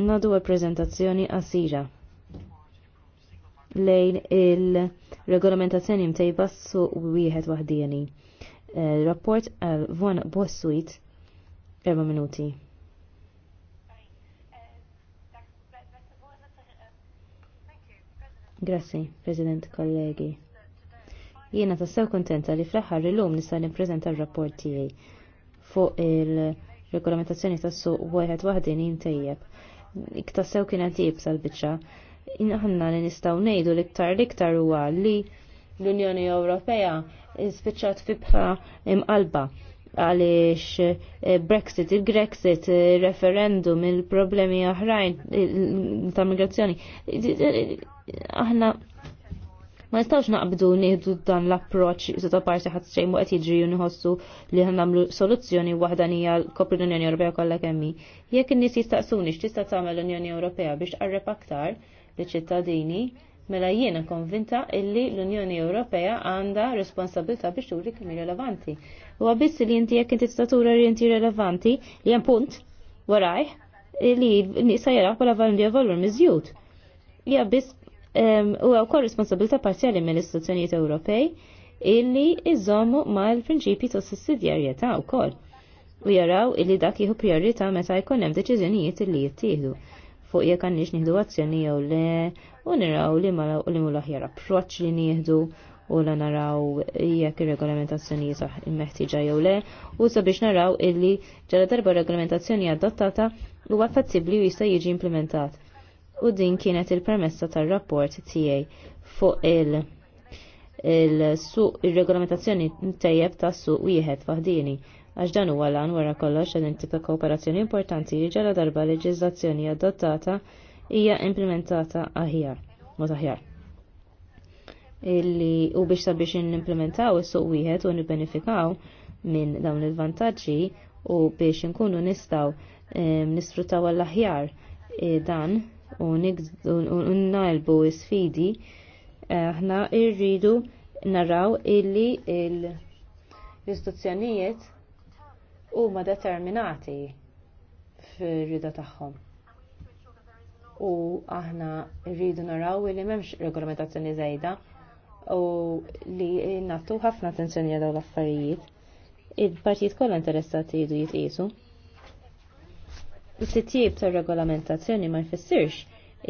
Nadu għal-prezentazzjoni għasira. lejn il-regolamentazzjoni mtejba su wieħed waħdieni. Eh, rapport għal Von Bossuit, 4 minuti. Grazzi, President, kollegi. Jiena tassew kontenta li fl-aħħar illum nista' nippreżenta r-rapport tiegħi fuq il-regolamentazzjoni tas-suq wieħed waħdin jimtejjeb iktassew kienet jibsa l-bicċa. Inħanna li nistaw nejdu liktar liktar huwa li l-Unjoni Ewropea spiċċat bħa imqalba għaliex eh, Brexit, il-Grexit, eh, referendum, il-problemi oħrajn ta' migrazzjoni. Aħna Ma nistawx naqbdu nieħdu dan l approċċ ta' parti ħadd xejn waqt jiġri u nħossu li ħan nagħmlu soluzzjoni waħdanija kopri l-Unjoni Ewropea kollha kemm hi. Jekk in-nies jistaqsuni x'tista' tagħmel l-Unjoni Ewropea biex tqarreb aktar liċ-ċittadini, mela jiena konvinta illi l-Unjoni Ewropea għandha responsabilità biex turi kemmi rilevanti. U biss li inti jekk inti statura li inti rilevanti li hemm punt warajh li nisa jaraw bħala valur miżjud. Ja biss u għaw kol responsabilta parzjali mill-istituzzjonijiet Ewropej illi iżommu mal-prinċipji ta' sussidjarjetà u kol u jaraw illi dak jieħu priorita meta jkun hemm deċiżjonijiet illi jittieħdu fuq jekk għandniex nieħdu azzjoni jew le u niraw li ma li mu l-aħjar approċċ li nieħdu u la naraw jekk ir-regolamentazzjoni saħ immeħtieġa jew le u sabiex naraw illi ġara darba regolamentazzjoni adottata huwa fattibbli u jista' jiġi implementat u din kienet il-permessa tar-rapport tiegħi fuq il- il-suq il-regolamentazzjoni tajjeb ta' suq wieħed faħdini, għax dan huwa lan wara kollox għal tip ta' kooperazzjoni importanti li ġala darba leġiżlazzjoni adottata hija implementata aħjar Mot aħjar. Illi u biex sabiex implementaw is-suq wieħed u n-benefikaw minn dawn il-vantaġġi u biex inkunu nistaw eh, nisfruttaw għall-aħjar eh, dan u nnalbu sfidi eh, aħna irridu naraw illi l u huma determinati fil rida tagħhom. U aħna rridu naraw illi m'hemmx regolamentazzjoni żejda u li nattu ħafna attenzjoni għal dawn l-affarijiet. Il-partijiet kollha interessati jridu jitqisu. Is-sittijiet tar-regolamentazzjoni ma jfissirx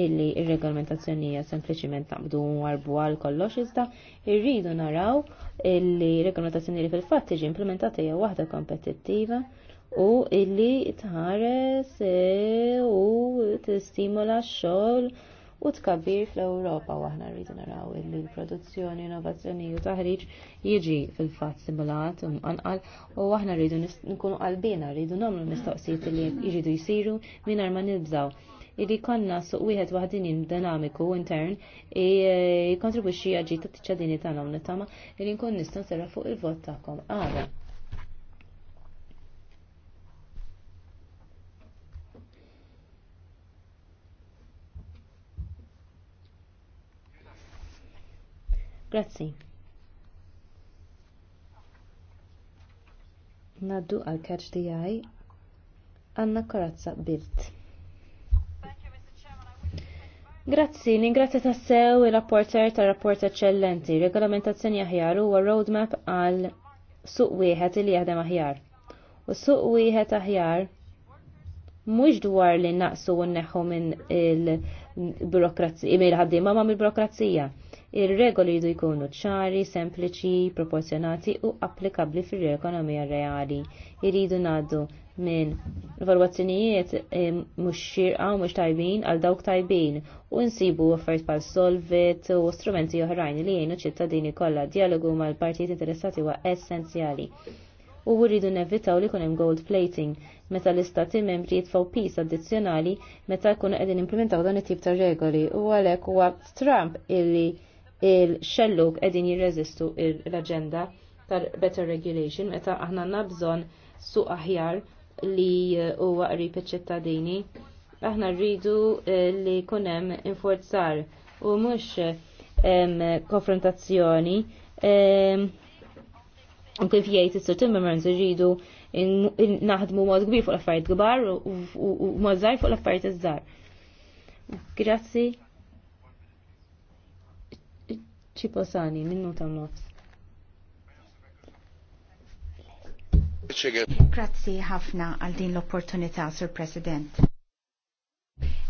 illi il regolamentazzjoni hija sempliċiment naqbdu warbu għal kollox iżda irridu naraw illi regolamentazzjoni li fil-fatt tiġi implementata hija waħda kompetittiva u illi tħares e u tistimola x-xogħol u tkabbir fl-Ewropa u aħna rridu naraw illi l-produzzjoni, innovazzjoni u taħriġ jiġi fil-fatt simulat u mqanqal u aħna rridu nkunu qalbina, rridu nagħmlu mistoqsijiet li jiġidu jsiru mingħajr ma nibżaw illi konna suq wieħed waħdinin dinamiku intern jikontribwixxi għaġi t tiċċadini tagħna nittama illi nkun nistgħu serra fuq il-vot tagħkom għada. Grazzi. Naddu għal kaċ di għaj, Anna Korazza Bilt. Grazzi, ningrazzja tassew il-rapporter tal-rapport eccellenti, regolamentazzjoni aħjar huwa roadmap għal suq wieħed li jaħdem aħjar. U suq wieħed aħjar mhux dwar li naqsu u neħħu minn il-burokrazija, mill-ħaddiema ma' mill-burokrazija. Ir-regoli jdu jkunu ċari, sempliċi, proporzjonati u applikabli fil-ekonomija reali. Iridu naddu minn valwazzjonijiet eh, mhux xirqa u mhux tajbin għal dawk tajbin u nsibu offert pal solvit u strumenti oħrajn li jgħinu ċittadini kollha dialogu mal-partijiet interessati huwa essenzjali. U rridu nevitaw li kunem gold plating meta l-istati membri jitfaw pis addizzjonali meta kunu qegħdin implementaw dan it-tip ta' regoli u għalhekk huwa Trump illi il-xelluk edin jirreżistu l-agenda tal-better regulation meta aħna nabżon su aħjar li huwa qrib iċ-ċittadini. Aħna rridu eh, li kunem inforzar u mhux konfrontazzjoni u kif jgħid is-Sir Timmermans irridu naħdmu mod kbir fuq l-affarijiet kbar u mod żgħar fuq l-affarijiet iż-żgħar. Grazzi ċiposani minnu ta' nofs. Grazzi ħafna għal din l-opportunità, Sur President.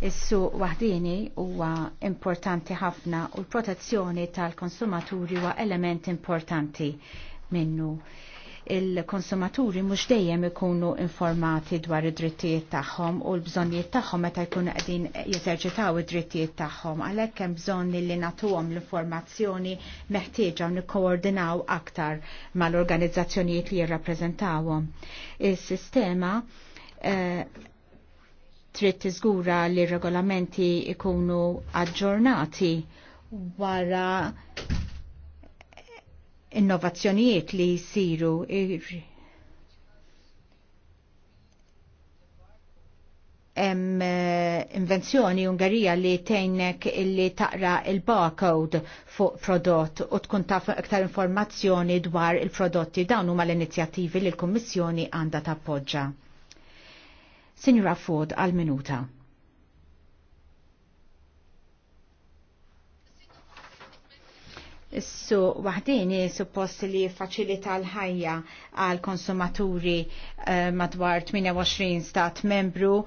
Is-suq waħdini huwa importanti ħafna u l-protezzjoni tal-konsumaturi huwa element importanti minnu il-konsumaturi mhux dejjem ikunu informati dwar id-drittijiet tagħhom u l-bżonnijiet tagħhom meta jkunu qegħdin jeżerċitaw id-drittijiet tagħhom. Għalhekk hemm bżonn li nagħtuhom l-informazzjoni meħtieġa nikkoordinaw aktar mal-organizzazzjonijiet li jirrappreżentawhom. Is-sistema eh, trid tiżgura li regolamenti ikunu aġġornati wara innovazzjonijiet li jisiru hemm eh, invenzjoni Ungarija li tejnek illi taqra il-barcode fuq prodott u tkun taf iktar informazzjoni dwar il-prodotti dawn huma l-inizjattivi li l-Kummissjoni għandha tappoġġa. Sinjura Ford għal-minuta. Su, waħdini suppost li faċilita l-ħajja għal konsumaturi eh, madwar 28 stat membru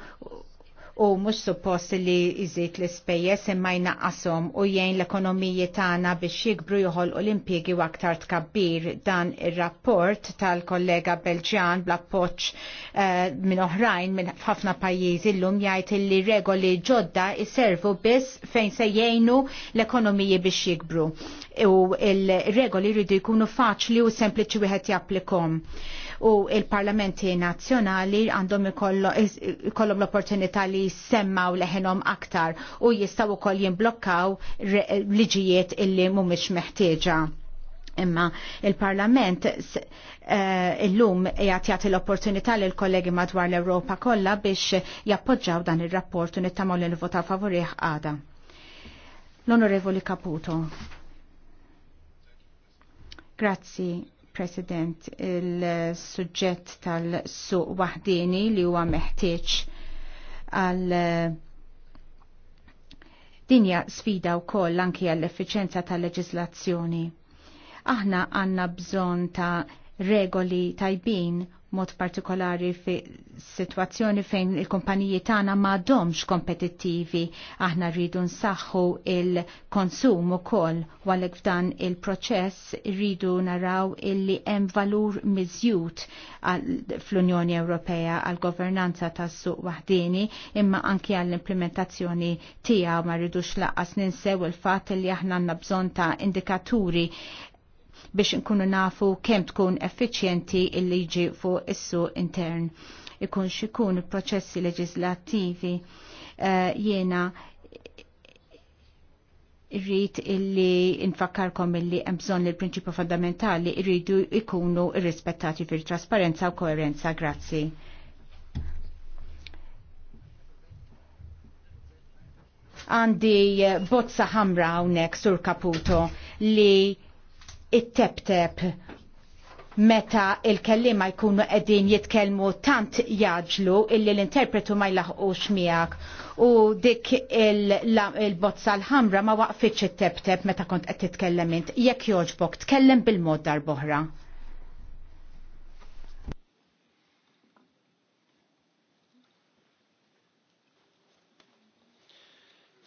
u mhux suppost li jżid l-ispejjeż imma jnaqqashom u jgħin l-ekonomiji tagħna biex jikbru joħolqu l-impjiegi u aktar tkabbir dan ir-rapport tal-kollega Belġjan bl-appoġġ eh, minn oħrajn minn ħafna pajjiżi llum jgħid li regoli ġodda jservu biss fejn se jgħinu l-ekonomiji biex jikbru u l regoli jridu jkunu faċli u sempliċi wieħed japplikom u il-parlamenti nazzjonali għandhom ikollhom l-opportunità li jsemmaw leħenhom aktar u jistgħu wkoll jimblokkaw liġijiet illi mhumiex meħtieġa. Imma il-Parlament eh, illum jgħat jagħti l-opportunità lil kollegi madwar l-Ewropa kollha biex jappoġġaw dan ir-rapport u nittamaw li nivota favorih għada. L-Onorevoli Caputo. Grazzi, President, il sujġet tal-suq wahdini li huwa meħtieġ għal eh, dinja sfida u koll anki għall-effiċenza tal-leġislazzjoni. Aħna għanna bżon ta' regoli tajbin mod partikolari fi situazzjoni fejn il-kumpaniji tagħna m'għadhomx kompetittivi aħna rridu nsaħħu il-konsum ukoll għalhekk f'dan il-proċess rridu naraw illi hemm valur miżjud fl-Unjoni Ewropea għal governanza tas-suq waħdini imma anki għall implementazzjoni tiegħu ma rridux laqqas ninsew il-fatt li aħna għandna bżonn ta' indikaturi biex nkunu nafu kemm tkun effiċjenti il-liġi fuq is-suq intern. Ikun xikun processi leġislattivi uh, eh, jiena irrit illi infakkarkom illi bżonn li l-prinċipju fondamentali irridu ikunu irrispettati fil-trasparenza u koerenza. Grazzi. Għandi bozza ħamra hawnhekk sur Caputo li it tebteb meta il-kellima jkunu qegħdin jitkellmu tant jaġlu illi l-interpretu ma jlaħqux miegħek u dik il-bozza l-ħamra ma waqfitx it tebteb meta kont qed titkellem int. Jekk jogħġbok tkellem bil-mod darb'oħra.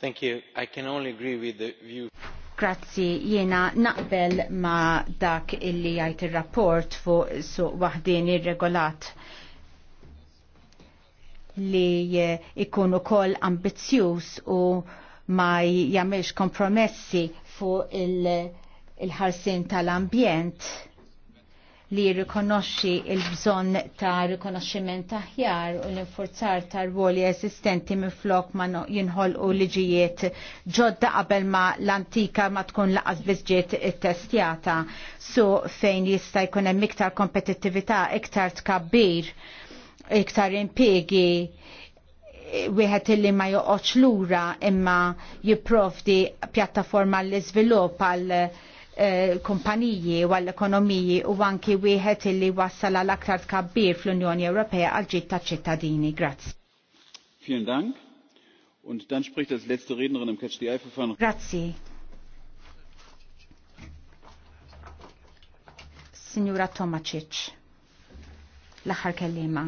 Thank you. I can only agree with the view. Grazzi, jiena naqbel ma dak illi jgħid ir-rapport fuq suq waħdin irregolat li ikun ukoll ambizzjuż u ma jagħmilx kompromessi fuq il-ħarsin il tal ambjent li jirrikonoxxi il-bżonn ta' rikonoxximent ħjar u l-infurzar ta' ruoli esistenti minflok ma jinħolqu liġijiet ġodda qabel ma l-antika ma tkun laqas biżġiet it-testjata su fejn jista' jkun hemm iktar kompetittività, iktar tkabbir, iktar impiegi wieħed illi ma joqgħodx lura imma jipprovdi pjattaforma l-iżvilupp għal Eh, kumpaniji u għall-ekonomiji u anki wieħed illi wassal għal aktar tkabbir fl-Unjoni Ewropea għal ġitt taċ-ċittadini. Grazzi. Vielen Dank. Und dann spricht als letzte Rednerin im Catch the Eye Verfahren. Grazie. Signora Tomacic, l-aħħar kellima.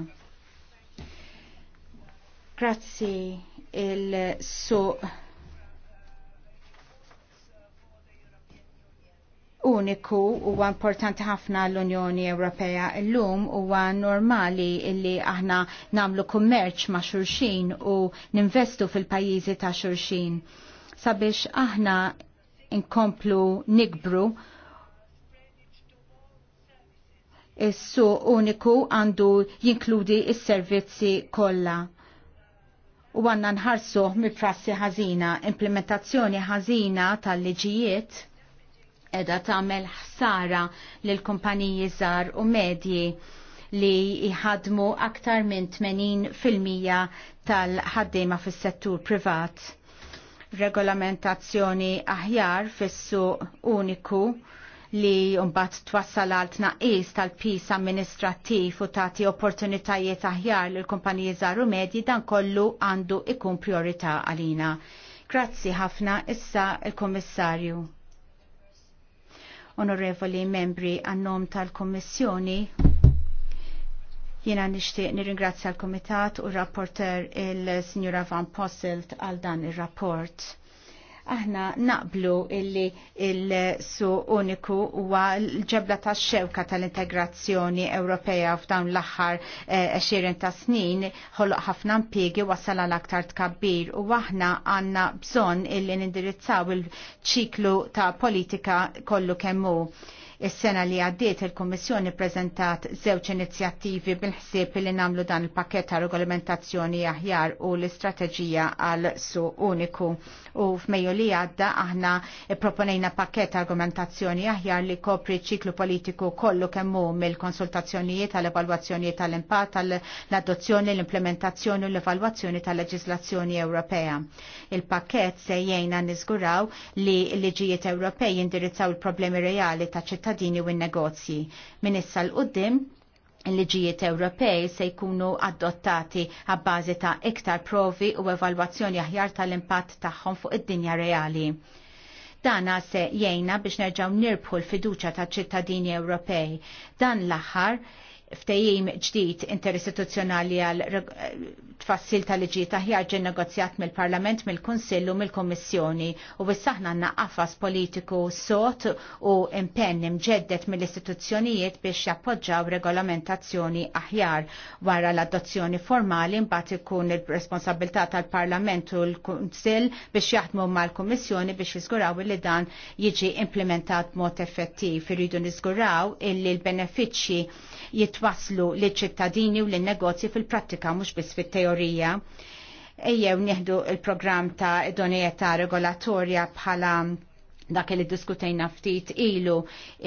Grazzi il-suq uniku huwa importanti ħafna l-Unjoni Ewropea llum huwa normali illi aħna namlu kummerċ ma' xurxin u ninvestu fil-pajjiżi ta' xurxin sabiex aħna inkomplu nikbru Is-su uniku għandu jinkludi is-servizzi kollha. U għanna nħarsu mi prassi ħażina, implementazzjoni ħażina tal-liġijiet edha tagħmel ħsara lil kumpaniji żgħar u medji li jħadmu aktar minn 80% tal-ħaddiema fis-settur privat. Regolamentazzjoni aħjar fissu uniku li mbagħad twassal għal tnaqqis tal-pis amministrattiv u tagħti opportunitajiet aħjar lil kumpaniji żgħar u medji dan kollu għandu ikun priorità għalina. Grazzi ħafna issa il-Kummissarju onorevoli membri għannom tal-Kommissjoni. Jena nishtiq nirringrazzja l-Komitat u rapporter il-Signora Van Posselt għal dan il-rapport. Aħna naqblu illi il-su uniku huwa l-ġebla ta' xewka tal-integrazzjoni Ewropea f'dawn l-aħħar 20 eh, ta' snin ħoloq ħafna mpiegi wasal għal aktar tkabbir u aħna għandna bżonn illi nindirizzaw il-ċiklu ta' politika kollu kemmu Is-sena li għaddiet il-Kommissjoni prezentat żewġ inizjattivi bil-ħsieb li namlu dan il-pakket ta' regolamentazzjoni aħjar u l-istrateġija għal su uniku. U f'Mejju li għadda aħna proponejna pakket ta' argumentazzjoni aħjar li kopri ċiklu politiku kollu kemmu mill-konsultazzjonijiet tal-evalwazzjonijiet tal-impatt tal-adozzjoni, l-implementazzjoni u l-evalwazzjoni tal-leġislazzjoni Ewropea. Il-pakket se jgħinna niżguraw li l-liġijiet Ewropej jindirizzaw il-problemi reali ta' ċittadini ċittadini u n-negozji. Min issa l-qoddim il-liġijiet Ewropej se jkunu adottati għabbażi ta' iktar provi u evalwazzjoni aħjar tal-impatt tagħhom fuq id-dinja reali. Dana se jgħina biex nerġaw nirbħu l-fiduċa ta' ċittadini Ewropej. Dan l-aħħar ftejjim ġdid interistituzzjonali għal eh, tfassil tal-liġi taħjar ġen negozjat mill-Parlament, mill-Konsillu, mill-Kommissjoni u bissaħna għanna għafas politiku sot u impenn imġeddet mill-istituzzjonijiet biex jappoġġaw regolamentazzjoni aħjar wara l-adozzjoni formali mbagħad ikun il-responsabilità tal-Parlament u l-Kunsill biex jaħdmu mal-Kommissjoni biex jiżguraw li dan jiġi implementat mod effettiv. Irridu niżguraw illi l-benefiċċji jitwet twasslu li ċittadini u l-negozji fil-prattika mhux biss fit-teorija. Ejjew nieħdu il-programm ta' idonejeta regolatorja bħala dak li diskutejna ftit ilu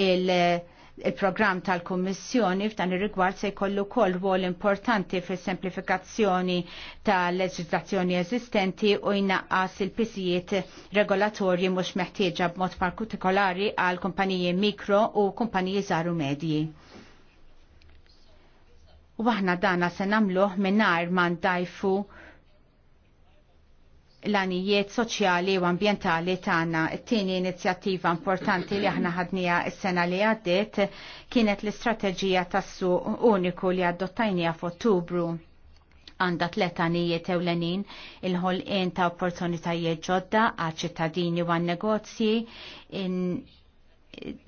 il- il-programm tal-Kommissjoni f'dan ir-rigward se jkollu wkoll rwol importanti fis-semplifikazzjoni tal-leġiżlazzjoni eżistenti u jnaqqas il-pisijiet regolatorji mhux meħtieġa b'mod partikolari għal kumpaniji mikro u kumpaniji żaru medji. U aħna dana se namluħ minnar man dajfu l-anijiet soċjali u ambientali tagħna. It-tieni inizjattiva importanti li aħna ħadnija s-sena li għaddiet kienet l-istrateġija tas-suq uniku li għaddottajnija f'Ottubru għanda tlet għanijiet ewlenin il-ħolqien ta' opportunitajiet ġodda għal ċittadini u għan negozji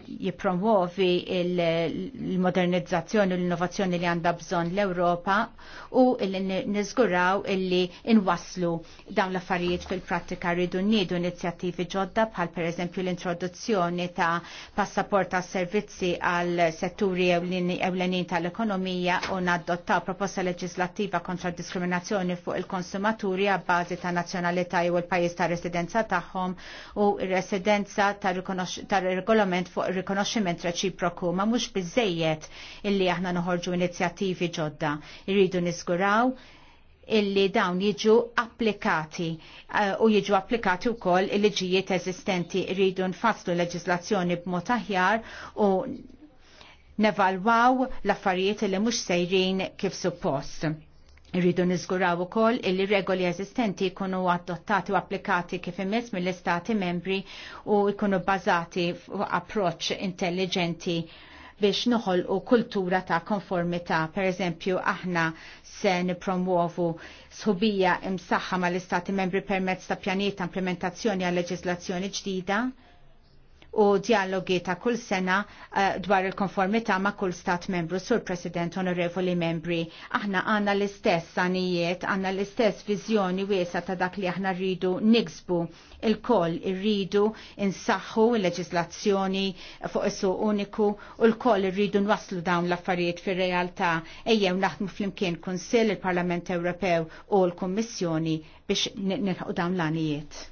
jipromuovi il-modernizzazzjoni u l-innovazzjoni li għandha bżonn l-Ewropa u li niżguraw illi inwaslu dawn l-affarijiet fil-prattika rridu nniedu inizjattivi ġodda bħal pereżempju l-introduzzjoni ta' passaport servizzi għal setturi ewlenin tal-ekonomija u nadottaw proposta leġislattiva kontra diskriminazzjoni fuq il-konsumaturi għabbażi ta' nazzjonalità jew l pajjiż ta' residenza tagħhom u r residenza ta' regolament regolament fuq il-rikonoxximent reċiproku ma mhux bizzejiet illi aħna noħorġu inizjattivi ġodda. Irridu nisguraw illi dawn jiġu applikati eh, u jiġu applikati u koll il-liġijiet eżistenti rridu nfasslu leġislazzjoni b'mod aħjar u nevalwaw l-affarijiet li mhux sejrin kif suppost nizguraw niżguraw ukoll illi regoli eżistenti jkunu adottati u applikati kif imess mill-istati membri u jkunu bbażati u approċ intelligenti biex noħolqu kultura ta' konformità. Per eżempju, aħna se nipromuovu sħubija imsaħħa mal-istati membri permezz ta' pjaniet ta' implementazzjoni għal leġislazzjoni ġdida u dialogi ta' kull sena uh, dwar il-konformità ma' kull stat membru sur President Onorevoli Membri. Aħna għanna l-istess għanijiet, għanna l-istess vizjoni wiesa ta' dak li aħna rridu niksbu il-koll irridu insaħħu l-leġislazzjoni fuq is uniku u l-koll irridu nwaslu dawn l-affarijiet fir realtà ejjew naħdmu flimkien kunsill il-Parlament Ewropew u l kummissjoni biex nilħu dawn l-għanijiet.